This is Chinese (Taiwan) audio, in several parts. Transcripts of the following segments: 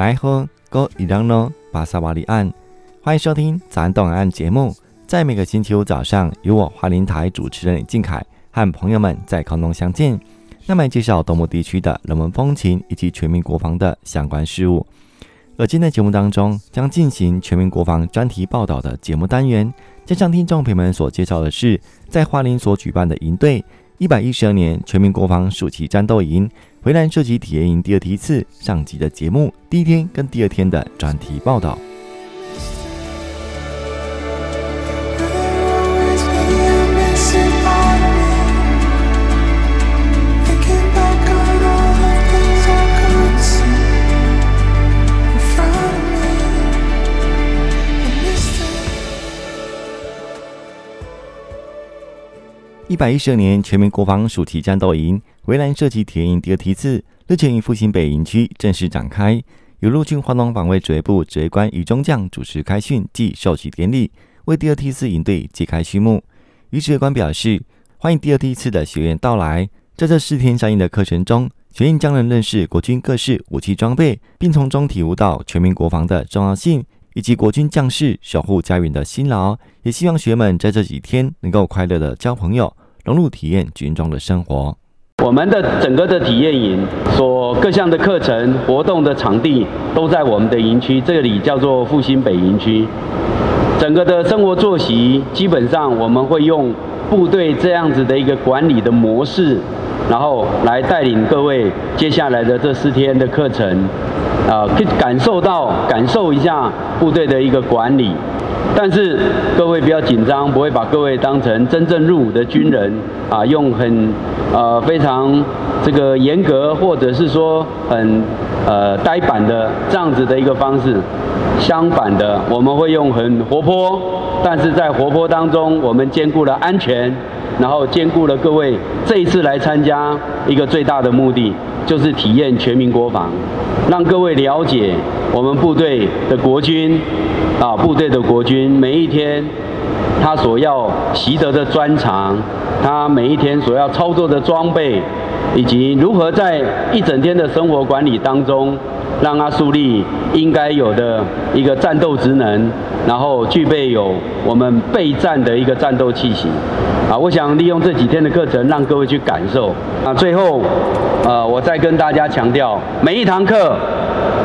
來喝哥一兩咯，巴薩瓦利安，歡迎收聽《咱東岸》節目，在每個星期五早上，由我花蓮台主持人靖凱和朋友們在空中相見，那麼介紹東部地區的人文風情以及全民國防的相關事務。而今天節目當中，將進行全民國防專題報道的節目單元，將向聽眾朋友們所介紹的是在花蓮所舉辦的營隊，一百一十二年全民國防暑期戰鬥營。洄瀾射擊體驗營第二梯次上集的節目，第一天跟第二天的專題報道。一百一十二年全民國防暑期戰鬥營洄瀾射擊體驗營第二梯次，日前於復興北營區正式展開，由陸軍花東防衛指揮部指揮官俞中將主持開訓暨授旗典禮，為第二梯次營隊揭開序幕。俞指揮官表示，歡迎第二梯次的學員到來，在這四天三夜的課程中，學員將能認識國軍各式武器裝備，並從中體悟到全民國防的重要性。以及國軍將士守護家園的辛勞，也希望學員們在這幾天能夠快樂的交朋友，融入體驗軍中的生活。我們的整個的體驗營所各項的課程、活動的場地都在我們的營區，這裡叫做復興北營區。整個的生活作息基本上我們會用部隊這樣子的一個管理的模式，然後來帶領各位接下來的這四天的課程。啊，呃、可以感受到、感受一下部隊的一個管理，但是各位不要緊張，不會把各位當成真正入伍的軍人啊、呃，用很呃非常這個嚴格或者是說很呃呆板的這樣子的一個方式。相反的，我們會用很活潑，但是在活潑當中，我們兼顧了安全。然後兼顧了各位這一次來參加一個最大的目的，就是體驗全民國防，讓各位了解我們部隊的國軍，啊，部隊的國軍每一天他所要習得的專長，他每一天所要操作的裝備，以及如何在一整天的生活管理當中。讓他樹立應該有的一個戰鬥職能，然後具備有我們備戰的一個戰鬥氣息。啊，我想利用這幾天的課程，讓各位去感受。啊，最後，呃，我再跟大家強調，每一堂課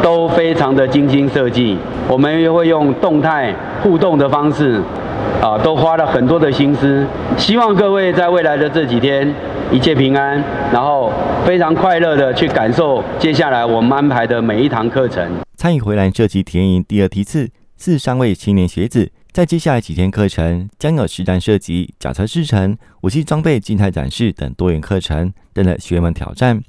都非常的精心設計，我們也會用動態互動的方式，啊，都花了很多的心思。希望各位在未來的這幾天。一切平安，然後非常快樂的去感受接下來我們安排的每一堂課程。參與洄瀾射擊體驗營第二梯次四三位青年學子，在接下來幾天課程將有實彈射擊、甲車試乘、武器裝備靜態展示等多元課程，等著學員們挑戰。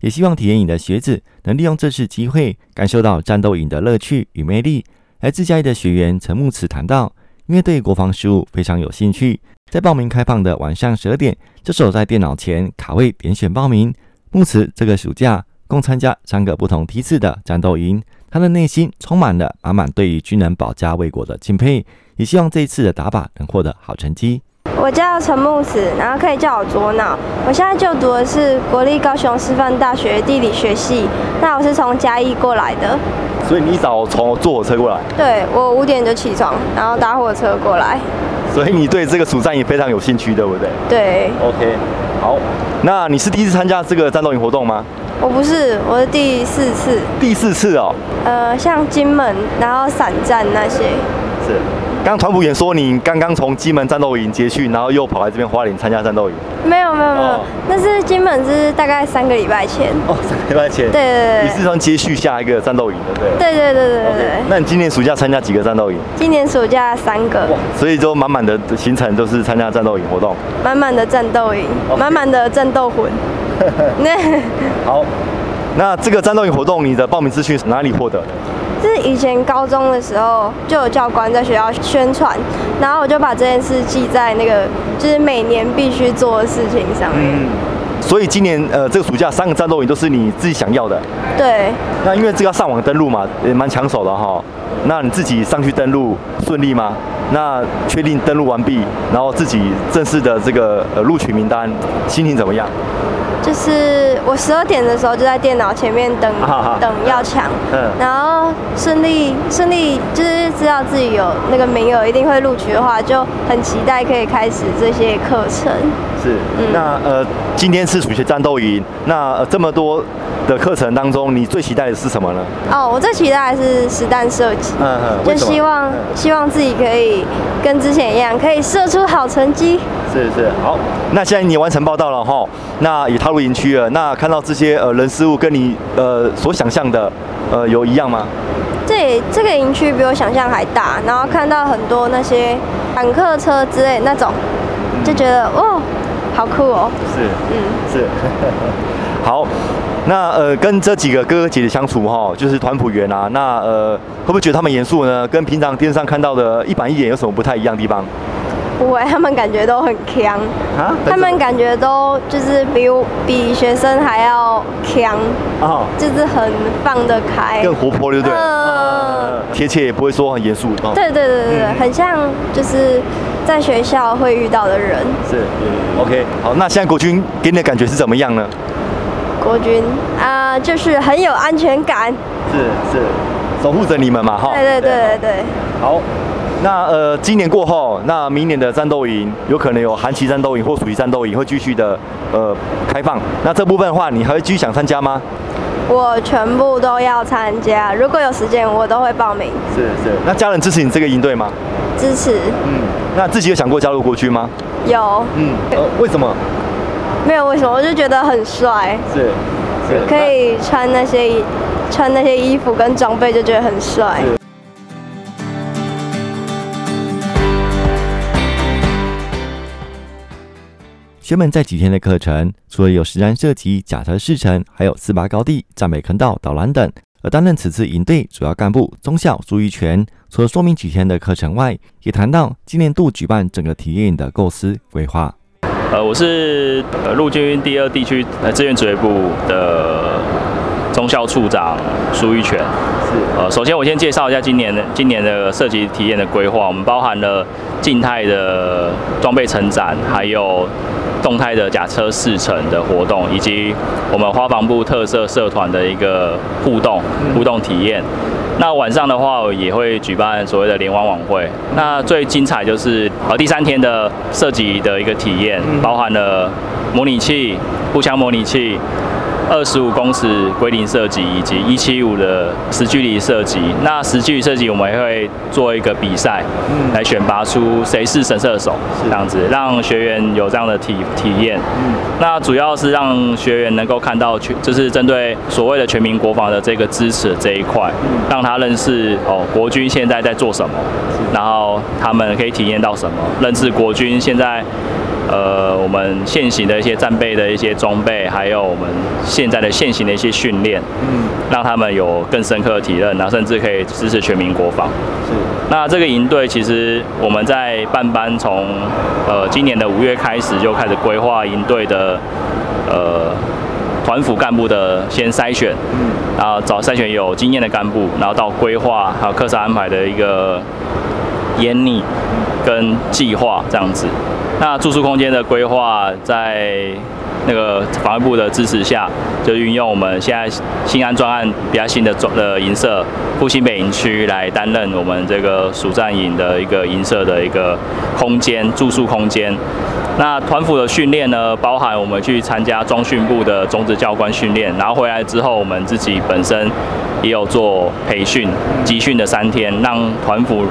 也希望體驗營的學子能利用這次機會，感受到戰鬥營的樂趣與魅力。來自嘉義的學員陳木慈談到。因為對國防事務非常有興趣，在報名開放的晚上十二點，就守在電腦前卡位點選報名。目慈這個暑假共參加三個不同梯次的戰鬥營，他的內心充滿了滿滿對於軍人保家衛國的敬佩，也希望這一次的打靶能獲得好成績。我叫陳木慈，然後可以叫我左腦。我現在就讀的是國立高雄師範大學地理學系。那我是從嘉義過來的，所以你一早從坐火車過來？對，我五點就起床，然後搭火車過來。所以你對這個主戰也非常有興趣，對不對？對。OK，好。那你是第一次參加這個戰鬥營活動嗎？我不是，我是第四次。第四次哦。呃，像金門，然後散戰那些。是。剛團輔也說你剛剛從金門戰鬥營接續，然後又跑來這邊花蓮參加戰鬥營。沒有沒有沒有，那是金門是大概三個禮拜前。哦，三個禮拜前。對對對，你是從接續下一個戰鬥營的，對對對對對對。Okay. 那你今年暑假參加幾個戰鬥營？今年暑假三個，所以就滿滿的行程都是參加戰鬥營活動，滿滿的戰鬥營，Okay. 滿滿的戰鬥魂。那 好，那這個戰鬥營活動你的報名資訊是哪裡獲得的？就是以前高中的時候，就有教官在學校宣傳，然後我就把這件事記在那個，就是每年必須做的事情上面。嗯，所以今年呃，這個暑假三個戰鬥營都是你自己想要的。對。那因為這個要上網登錄嘛，也蠻搶手的哈、哦。那你自己上去登錄順利嗎？那確定登錄完畢，然後自己正式的這個呃錄取名單，心情怎麼樣？就是我十二點的時候就在電腦前面等、啊、好好等要搶，嗯，然後順利順利就是知道自己有那個名額，一定會錄取的話，就很期待可以開始這些課程。是，嗯、那呃，今天是暑期戰鬥營，那、呃、這麼多的課程當中，你最期待的是什麼呢？哦，我最期待的是實彈射擊、嗯，嗯，就希望希望自己可以跟之前一樣，可以射出好成績。是是，好，那現在你完成報道了哈、哦，那也踏入營區了。那看到這些呃人事物，跟你呃所想象的呃有一樣嗎？這這個營區比我想象還大，然後看到很多那些坦克車之類那種，嗯、就覺得哦，好酷哦。是，嗯是。 好，那呃跟這幾個哥哥姐姐相處哈、哦，就是團輔員啊，那呃會不會覺得他們嚴肅呢？跟平常電視上看到的一板一眼有什麼不太一樣的地方？不會，他們感覺都很強，蛤，他們感覺都就是比比學生還要強，哦，啊吼，就是很放得開，更活潑，對不對？嗯，呃，啊，貼切也不會說很嚴肅，對對對對對，嗯，很像就是在學校會遇到的人。是，OK，好，那現在國軍給你的感覺是怎麼樣呢？國軍啊，呃，就是很有安全感，是是，守護着你們嘛，哈，對對對對對，好。那呃，今年過後，那明年的戰鬥營有可能有寒期戰鬥營或暑期戰鬥營會繼續的呃開放。那這部分的話，你還會繼續想參加嗎？我全部都要參加，如果有時間，我都會報名。是是。那家人支持你這個營隊嗎？支持。嗯。那自己有想過加入國軍嗎？有。嗯。呃，為什麼？沒有為什麼，我就覺得很帥。是。是可以穿那些衣，那穿那些衣服跟裝備，就覺得很帥。學員在幾天的課程，除了有實彈射擊、甲車試乘，還有四八高地、戰備坑道導覽等。而擔任此次營隊主要幹部中校蘇玉全，除了說明幾天的課程外，也談到今年度舉辦整個體驗的構思規劃。規劃呃，我是呃陸軍第二地區呃支援指揮部的中校處長蘇玉全。是呃，首先我先介紹一下今年的今年的射擊體驗的規劃，我們包含了靜態的裝備陳展，還有。動態的甲車試乘的活動，以及我們花防部特色社團的一個互動互動體驗。那晚上的話，也會舉辦所謂的聯歡晚會。那最精彩就是呃第三天的射擊的一個體驗，包含了模擬器、步槍模擬器。二十五公尺歸零射擊以及一七五的實距離射擊。那實距離射擊，我們也會做一個比賽，來選拔出誰是神射手，是這樣子，是讓學員有這樣的體體驗。嗯，那主要是讓學員能夠看到，就是針對所謂的全民國防的這個支持的這一塊，嗯、讓他認識哦，國軍現在在做什麼，是然後他們可以體驗到什麼，認識國軍現在。呃，我們現行的一些戰備的一些裝備，還有我們現在的現行的一些訓練，嗯，讓他們有更深刻的體認，然後甚至可以支持全民國防。是。那這個營隊其實我們在辦班，從呃今年的五月開始就開始規劃營隊的呃團輔幹部的先篩選，嗯，然後找篩選有經驗的幹部，然後到規劃還有課上安排的一個演練跟計劃這樣子。那住宿空間的規劃，在那個防衛部的支持下，就運用我們現在新安專案比較新的裝的營舍，復興北營區來擔任我們這個暑戰營的一個營舍的一個空間住宿空間。那團輔的訓練呢，包含我們去參加中訓部的種子教官訓練，然後回來之後，我們自己本身也有做培訓集訓的三天，讓團輔。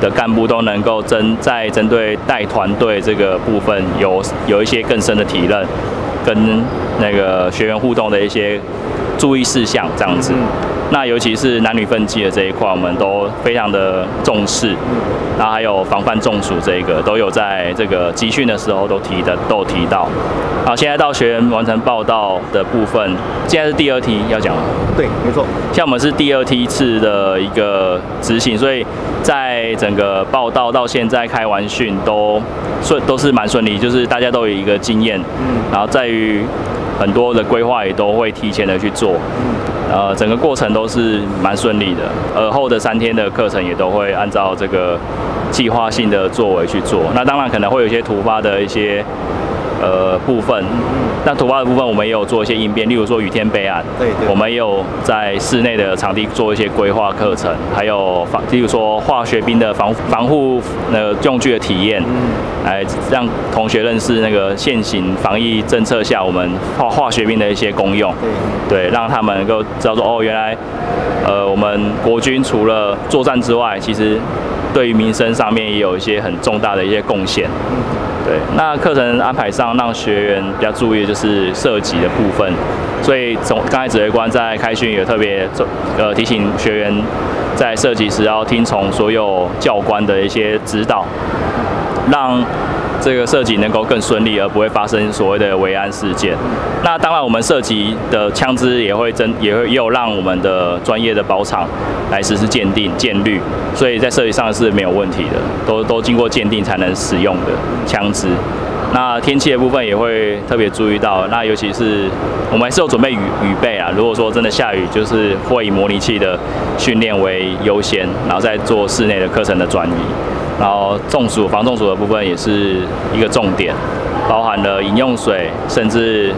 的幹部都能夠針在針對帶團隊這個部分，有有一些更深的體認，跟那個學員互動的一些注意事項，這樣子。那尤其是男女分際的這一塊，我們都非常的重視。嗯，然後還有防範中暑這一個，都有在這個集訓的時候都提的，都提到。好，現在到學員完成報道的部分，現在是第二梯要講了。對，沒錯。像我們是第二梯次的一個執行，所以在整個報道到現在開完訓都順，都是蠻順利，就是大家都有一個經驗。嗯。然後在於很多的規劃也都會提前的去做。嗯。呃，整個過程都是蠻順利的。而後的三天的課程也都會按照這個計劃性的作為去做。那當然可能會有一些突發的一些。呃，部分，那突發的部分，我們也有做一些應變，例如說雨天備案。對,對，我們也有在室內的場地做一些規劃課程，還有防，例如說化學兵的防防護呃用具的體驗，來讓同學認識那個現行防疫政策下我們化化學兵的一些功用。對，讓他們能夠知道說，哦，原來，呃，我們國軍除了作戰之外，其實對於民生上面也有一些很重大的一些貢獻。對，那課程安排上讓學員比較注意的就是射擊的部分，所以從剛才指揮官在開訓也特別呃提醒學員，在射擊時要聽從所有教官的一些指導，讓。這個射擊能夠更順利，而不會發生所謂的危安事件。那當然，我們射擊的槍支也會真，也會又讓我們的專業的保廠來實施鑑定、鑑率。所以在射擊上是沒有問題的，都都經過鑑定才能使用的槍支。那天氣的部分也會特別注意到，那尤其是我們還是有準備雨雨備啊。如果說真的下雨，就是會以模擬器的訓練為優先，然後再做室內的課程的轉移。然後中暑、防中暑的部分也是一個重點，包含了飲用水，甚至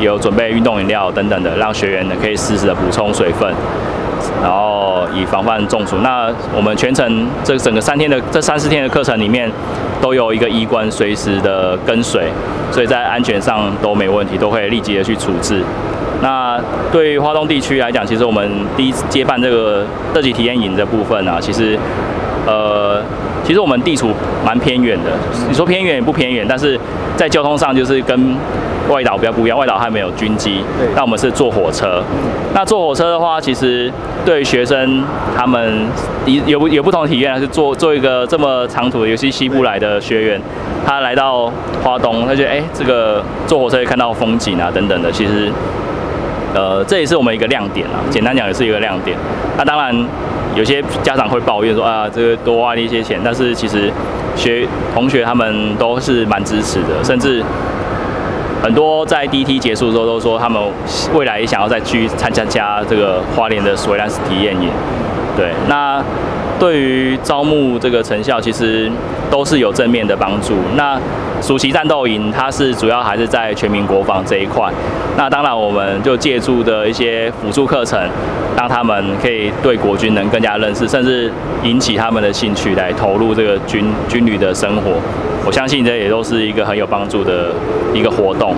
有準備運動飲料等等的，讓學員呢可以適時的補充水分，然後以防範中暑。那我們全程這整個三天的這三四天的課程裡面，都有一個醫官隨時的跟隨，所以在安全上都沒問題，都可以立即的去處置。那對於花東地區來講，其實我們第一次接辦這個射擊體驗營的部分啊，其實，呃。其實我們地處蠻偏遠的，你說偏遠也不偏遠，但是在交通上就是跟外島比較不一樣。外島還沒有軍機，但我們是坐火車。那坐火車的話，其實對學生他們有有不同的體驗，還是坐坐一個這麼長途的，尤其西部來的學員，他來到花東，他就覺得哎，這個坐火車可以看到風景啊等等的。其實，呃，這也是我們一個亮點啊。簡單講，也是一個亮點啊。那當然。有些家長會抱怨說：“啊，這個多花了一些錢。”但是其實學同學他們都是蠻支持的，甚至很多在第一梯結束之後都說他們未來也想要再去參加加這個花蓮的洄瀾射擊體驗營。對，那。對於招募，這個成效，其實都是有正面的幫助。那暑期戰鬥營，它是主要還是在全民國防這一塊。那當然，我們就借助的一些輔助課程，讓他們可以對國軍能更加認識，甚至引起他們的興趣來投入這個軍軍旅的生活。我相信這也都是一個很有幫助的一個活動。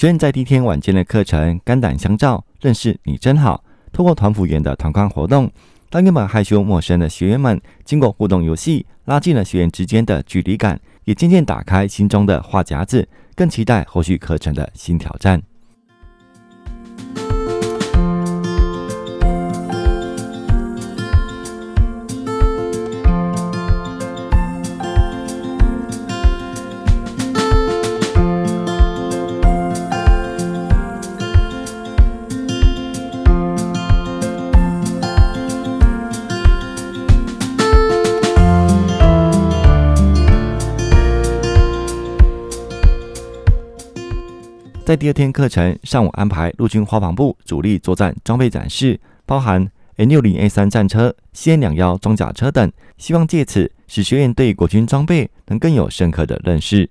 學員在第一天晚間的課程，肝膽相照，認識你真好。通過團輔員的團康活動，當原本害羞陌生的學員們經過互動遊戲，拉近了學員之間的距離感，也漸漸打開心中的話匣子，更期待後續課程的新挑戰。在第二天課程上午安排陸軍花防部主力作戰裝備展示，包含 M 六零 A 三戰車、CM 兩幺裝甲車等，希望借此使學員對國軍裝備能更有深刻的認識。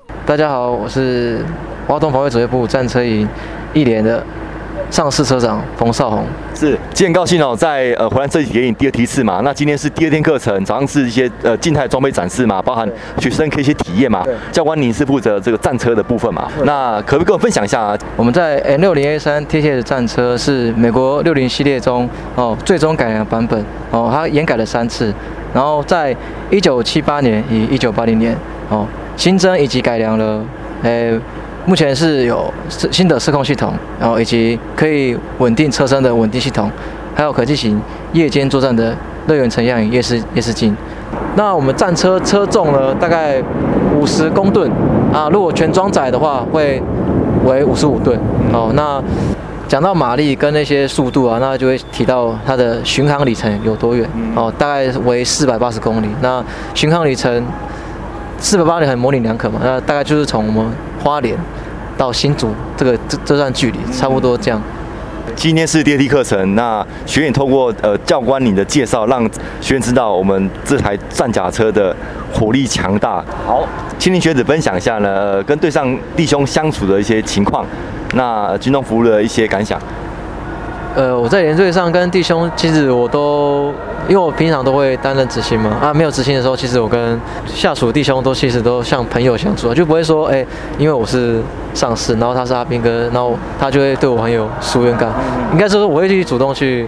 大家好，我是花東防衛指揮部戰車營一連的上士車長馮少紅。是，今天高興哦，在呃，洄瀾這幾天，第二梯次嘛。那今天是第二天課程，早上是一些呃靜態裝備展示嘛，包含學生可以去體驗嘛。對教官，你是負責這個戰車的部分嘛？對那可不可以跟我們分享一下啊？我們在 M 六零 A 三 T 型的戰車是美國六零系列中哦，最終改良的版本哦，它延改了三次，然後在一九七八年與一九八零年哦。新增以及改良了，誒，目前是有新的射控系統，然、哦、後以及可以穩定車身的穩定系統，還有可進行夜間作戰的熱源成像與夜視夜視鏡。那我們戰車車重呢，大概五十公噸啊，如果全裝載的話會為五十五噸。哦，那講到馬力跟那些速度啊，那就會提到它的巡航里程有多遠哦，大概為四百八十公里。那巡航里程。四百八十很模稜兩可嘛，那大概就是從我們花蓮到新竹這個這這段距離，差不多這樣。今天是第二梯課程，那學員透過呃教官你的介紹，讓學員知道我們這台戰甲車的火力強大。好，青年學子分享一下呢、呃，跟隊上弟兄相處的一些情況，那軍中服務的一些感想。呃，我在連隊上跟弟兄，其實我都。因為我平常都會擔任執行嘛，啊，沒有執行的時候，其實我跟下屬弟兄都其實都像朋友相處，啊，就不會說，哎，因為我是上司，然後他是阿兵哥，然後他就會對我很有疏遠感。應該是說我會去主動去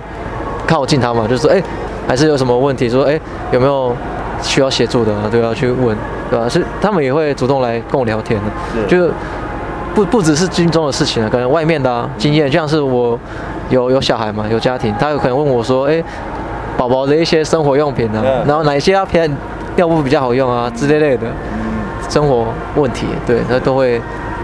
靠近他嘛，就是說，哎，還是有什麼問題，說，哎，有沒有需要協助的啊？對，啊，要去問，對吧？是他們也會主動來跟我聊天的，啊，就是不不只是軍中的事情了，啊，可能外面的，啊，經驗，像是我有有小孩嘛，有家庭，他有可能問我說，哎。寶寶的一些生活用品啊，嗯、然後哪一些啊，偏尿布比較好用啊之類類的，生活問題，對他都會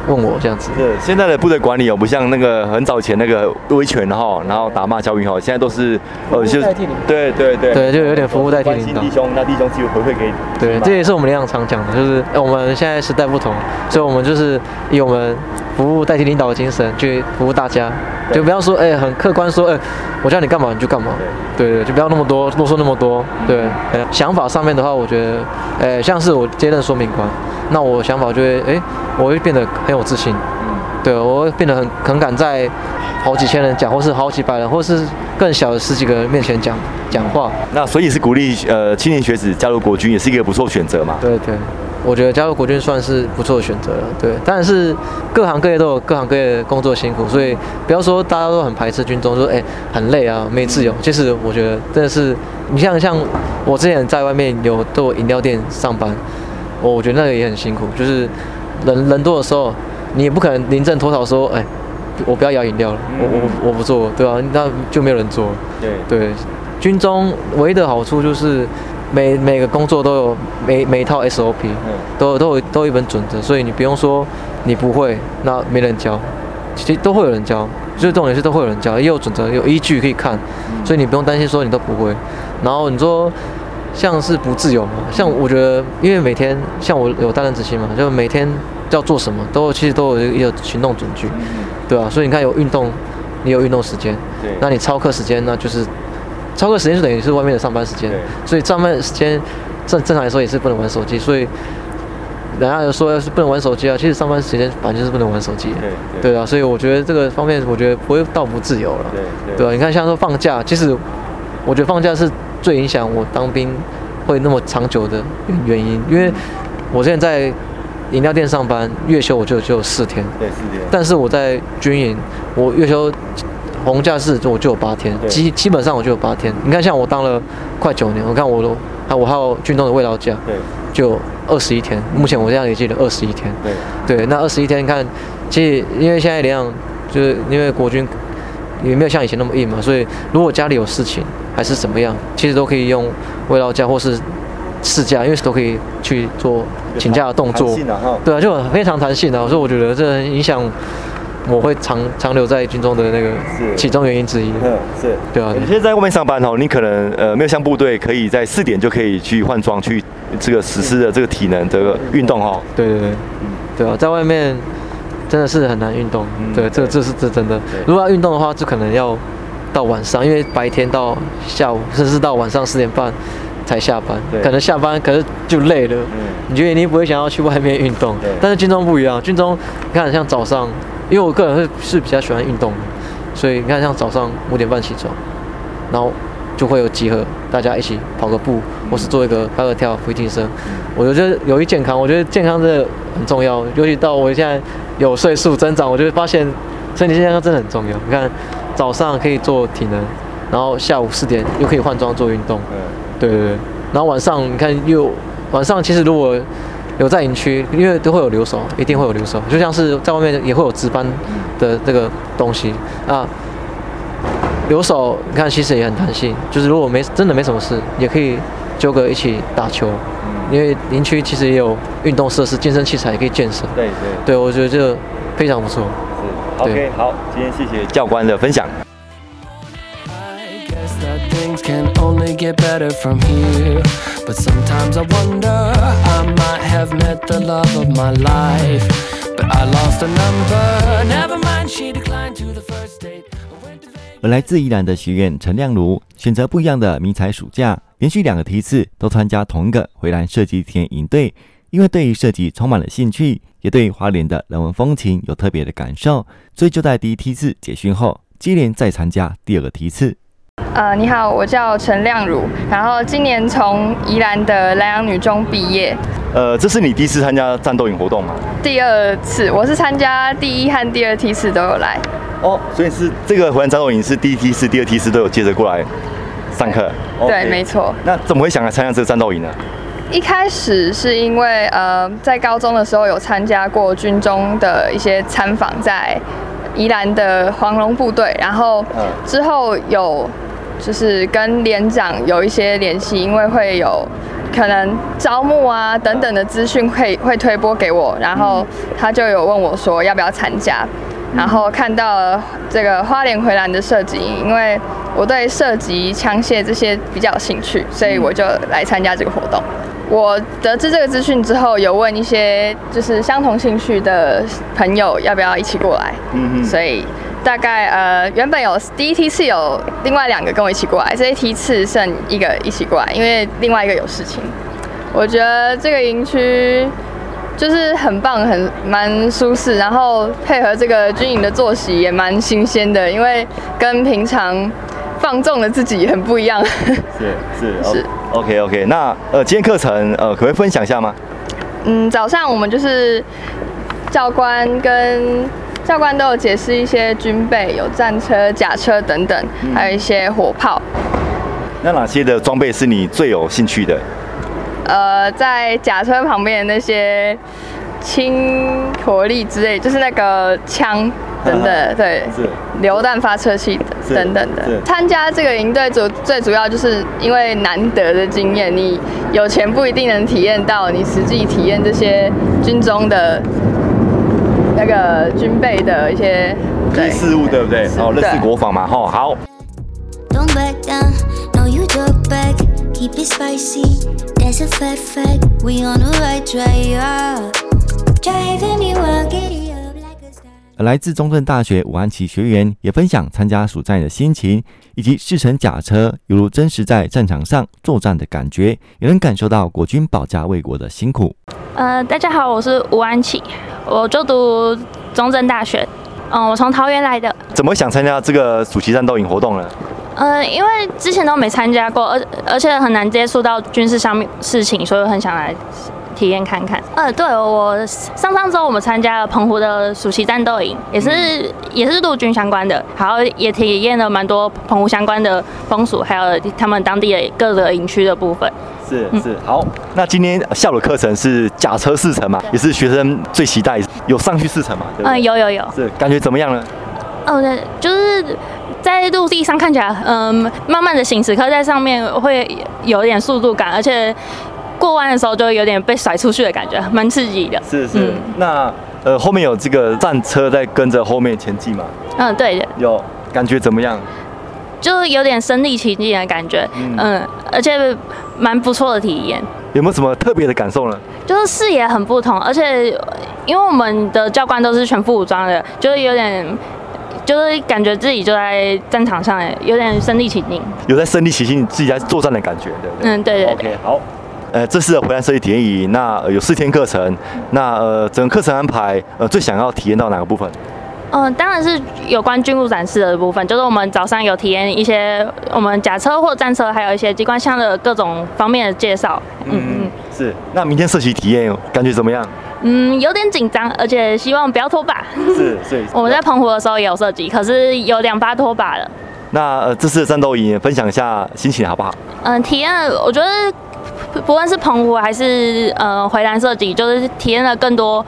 問我這樣子。現在的部隊管理哦，不像那個很早前那個威權哈，然後打罵教育哈，現在都是呃，對嗯、就代替對對對對，就有點服務代替領導。弟兄，那弟兄就會回饋給你。對，這也是我們領樣常講的，就是我們現在時代不同，所以我們就是以我們。服務代替領導的精神去服務大家，對就不要說哎、欸，很客觀說哎、欸，我叫你幹嘛你就幹嘛，對對，就不要那麼多囉嗦那麼多，對，嗯哼欸、想法上面的話，我覺得，哎、欸，像是我接任說明官，那我想法就會哎、欸，我會變得很有自信，嗯、對我會變得很很敢在好幾千人講，或是好幾百人，或是更小的十幾個人面前講講話。那所以是鼓勵呃青年學子加入國軍，也是一個不錯選擇嘛？對對。對我覺得加入國軍算是不錯的選擇了，對。但是各行各業都有各行各業的工作的辛苦，所以不要說大家都很排斥軍中，說哎很累啊，沒自由。嗯、其實我覺得真的是，你像像我之前在外面有做飲料店上班，嗯、我覺得那個也很辛苦，就是人人多的時候，你也不可能臨陣脫逃，說哎我不要搖飲料了，嗯、我我不我不做，對吧、啊？那就沒有人做。對對，軍中唯一的好處就是。每每個工作都有每每一套 SOP，都有都有都有一本準則，所以你不用說你不會，那沒人教。其實都會有人教，就是這種東西都會有人教，也有準則，有依據可以看，所以你不用擔心說你都不會。然後你說像是不自由嘛，像我覺得，因為每天像我有大量執行嘛，就每天要做什麼都其實都有一個行動準據，對啊，所以你看有運動，你有運動時間，那你操課時間那就是。超過時間就等於是外面的上班時間，對所以上班時間正正常來說也是不能玩手機，所以人家說要是不能玩手機啊，其實上班時間本來就是不能玩手機，對對啊，所以我覺得這個方面我覺得不會倒不自由了，對吧，啊？你看像說放假，其實我覺得放假是最影響我當兵會那麼長久的原因，因為我現在在飲料店上班，月休我就只有四天，對四天，但是我在軍營，我月休。紅假是我就有八天，基基本上我就有八天。你看，像我當了快九年，我看我都，我還有軍中的慰勞假，就二十一天。目前我這樣也記得二十一天。對，對，那二十一天你看，其實因為現在這樣，就是因為國軍也沒有像以前那麼硬嘛，所以如果家裡有事情還是怎麼樣，其實都可以用慰勞假或是事假，因為都可以去做請假的動作。啊對啊，就非常彈性的，啊。所以我覺得這影響。我會長長留在軍中的那個其中原因之一。嗯，是對啊。對，你現在在外面上班哦，你可能呃沒有像部隊可以在四點就可以去換裝去這個實施的這個體能這個運動哦。嗯嗯嗯、對對對，啊，在外面真的是很難運動。嗯、對，這這是這真的。如果要運動的話，就可能要到晚上，因為白天到下午甚至到晚上四點半才下班，對可能下班可是就累了。嗯、你覺得你不會想要去外面運動？對但是軍中不一樣，軍中你看像早上。因為我個人是是比較喜歡運動的，所以你看，像早上五點半起床，然後就會有集合，大家一起跑個步，嗯、或是做一個開合跳、伏地挺身。我覺得有益健康，我覺得健康真的很重要。尤其到我現在有歲數增長，我就會發現身體健康真的很重要。你看，早上可以做體能，然後下午四點又可以換裝做運動。對對對。然後晚上你看又晚上，其實如果留在營區，因為都會有留守，一定會有留守。就像是在外面也會有值班的這個東西、嗯、啊。留守，你看其實也很彈性，就是如果沒真的沒什麼事，也可以揪個一起打球。嗯、因為營區其實也有運動設施、健身器材，也可以健身。對對。對，我覺得這個非常不錯。是，OK，對好，今天謝謝教官的分享。 本 I I 來自宜蘭的學員陳亮如選擇不一樣的迷彩暑假，連續兩個梯次都參加同一個洄瀾射擊體驗營隊，因為對於射擊充滿了興趣，也對於花蓮的人文風情有特別的感受，所以就在第一梯次結訓後，接連再參加第二個梯次。呃，你好，我叫陳亮儒，然後今年從宜蘭的蘭陽女中畢業。呃，這是你第一次參加戰鬥營活動嗎？第二次，我是參加第一和第二梯次都有來。哦，所以是這個洄瀾戰鬥營是第一梯次、第二梯次都有接着過來上課。對，Okay 對，沒錯。那怎麼會想來參加這個戰鬥營呢？一開始是因為呃，在高中的時候有參加過軍中的一些參訪，在宜蘭的黃龍部隊，然後之後有。就是跟連長有一些聯繫，因為會有可能招募啊等等的資訊會會推播給我，然後他就有問我說要不要參加，然後看到了這個花蓮洄瀾的射擊，因為我對射擊槍械這些比較有興趣，所以我就來參加這個活動。我得知這個資訊之後，有問一些就是相同興趣的朋友要不要一起過來，嗯哼，所以。大概呃，原本有第一梯次，有另外兩個跟我一起過來，這一梯次剩一個一起過來，因為另外一個有事情。我覺得這個營區就是很棒，很蠻舒適，然後配合這個軍營的作息也蠻新鮮的，因為跟平常放縱的自己很不一樣。是是 是，OK OK，那呃，今天課程呃，可不可以分享一下嗎？嗯，早上我們就是教官跟。教官都有解釋一些軍備，有戰車、甲車等等，還有一些火炮。嗯，那哪些的裝備是你最有興趣的？呃，在甲車旁邊的那些輕火力之類，就是那個槍等等，呵呵，對，是榴彈發射器等等的。參加這個營隊主最主要就是因為難得的經驗，你有錢不一定能體驗到，你實際體驗這些軍中的。那個軍備的一些事物，對不對？哦，認識國防嘛，吼，好。而來自中正大學武安琪學員也分享參加暑戰的心情，以及試乘甲車，猶如真實在戰場上作戰的感覺，也能感受到國軍保家衛國的辛苦。呃，大家好，我是吳安琪，我就讀中正大學，嗯，我從桃園來的。怎麼想參加這個暑期戰鬥營活動呢？呃，因為之前都沒參加過，而而且很難接觸到軍事上面事情，所以我很想來體驗看看。呃，對，我上上周我們參加了澎湖的暑期戰鬥營，也是、嗯、也是陸軍相關的，然後也體驗了蠻多澎湖相關的風俗，還有他們當地的各個營區的部分。是是好，那今天下午的課程是甲車試乘嘛，對也是學生最期待，有上去試乘嘛？嗯，有有有，有是感覺怎麼樣呢？哦，對，就是在陸地上看起來，嗯，慢慢的行駛，可在上面會有點速度感，而且過彎的時候就有點被甩出去的感覺，蠻刺激的。是是，是嗯、那呃後面有這個戰車在跟着後面前進嘛？嗯，對的，對有，感覺怎麼樣？就是有點身臨其境的感覺，嗯，嗯，而且蠻不錯的體驗。有沒有什麼特別的感受呢？就是視野很不同，而且因為我們的教官都是全副武裝的，就是有點，就是感覺自己就在戰場上哎，有點身臨其境，有在身臨其境自己在作戰的感覺，對不對？嗯，對對。對。Okay, 好，呃，這次的洄瀾射擊體驗營，那有四天課程。那呃，整個課程安排，呃，最想要體驗到哪個部分？嗯，當然是有關軍武展示的部分，就是我們早上有體驗一些我們甲車或戰車，還有一些機關槍的各種方面的介紹。嗯嗯，嗯是。那明天射擊體驗感覺怎麼樣？嗯，有點緊張，而且希望不要脫靶。是是。是是 我們在澎湖的時候也有射擊、嗯、可是有兩發脫靶了。那、呃、這次戰鬥營分享一下心情好不好？嗯，體驗我覺得不論是澎湖還是呃洄瀾射擊就是體驗了更多。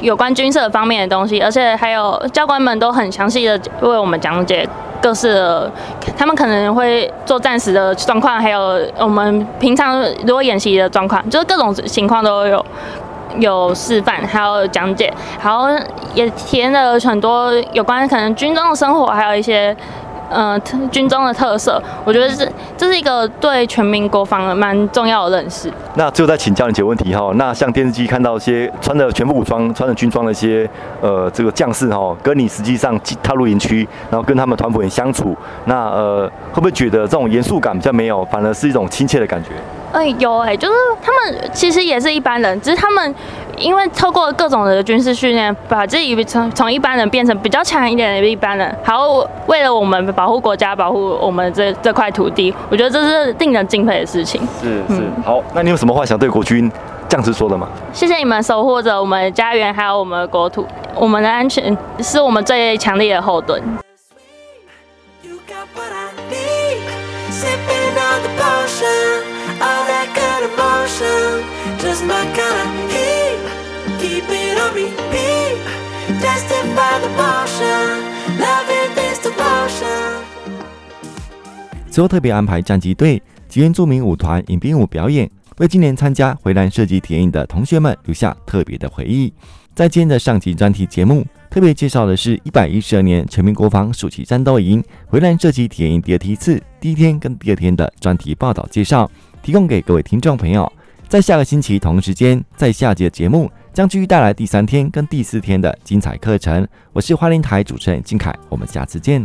有關軍事方面的東西，而且還有教官們都很詳細的為我們講解各式的，他們可能會做戰時的狀況，還有我們平常如果演習的狀況，就是各種情況都有有示範，還有講解，然後也體驗了很多有關可能軍中的生活，還有一些。呃，軍中的特色，我覺得是這是一個對全民國防蠻重要的認識。那最後再請教你幾個問題哈，那像電視機看到一些穿着全副武裝、穿着軍裝的一些呃這個將士哈，跟你實際上踏入營區，然後跟他們團輔員相處，那呃會不會覺得這種嚴肅感比較沒有，反而是一種親切的感覺？哎，有哎、欸，就是他們其實也是一般人，只是他們因為透過各種的軍事訓練，把自己從從一般人變成比較強一點的一般人，然後為了我們保護國家、保護我們這這塊土地，我覺得這是令人敬佩的事情。是是，是嗯、好，那你有什麼話想對國軍這樣子說的嗎？謝謝你們守護着我們的家園，還有我們的國土，我們的安全是我們最強烈的後盾。 之後特別安排戰機隊及原住民舞團迎賓舞表演，為今年參加洄瀾射擊體驗營的同學們留下特別的回憶。在今天的上集專題節目，特別介紹的是一百一十二年全民國防暑期戰鬥營洄瀾射擊體驗營的第二梯次第一天跟第二天的專題報道介紹，提供給各位聽眾朋友。在下個星期同時間，在下集的節目將繼續帶來第三天跟第四天的精彩課程。我是花蓮台主持人靖凱，我們下次見。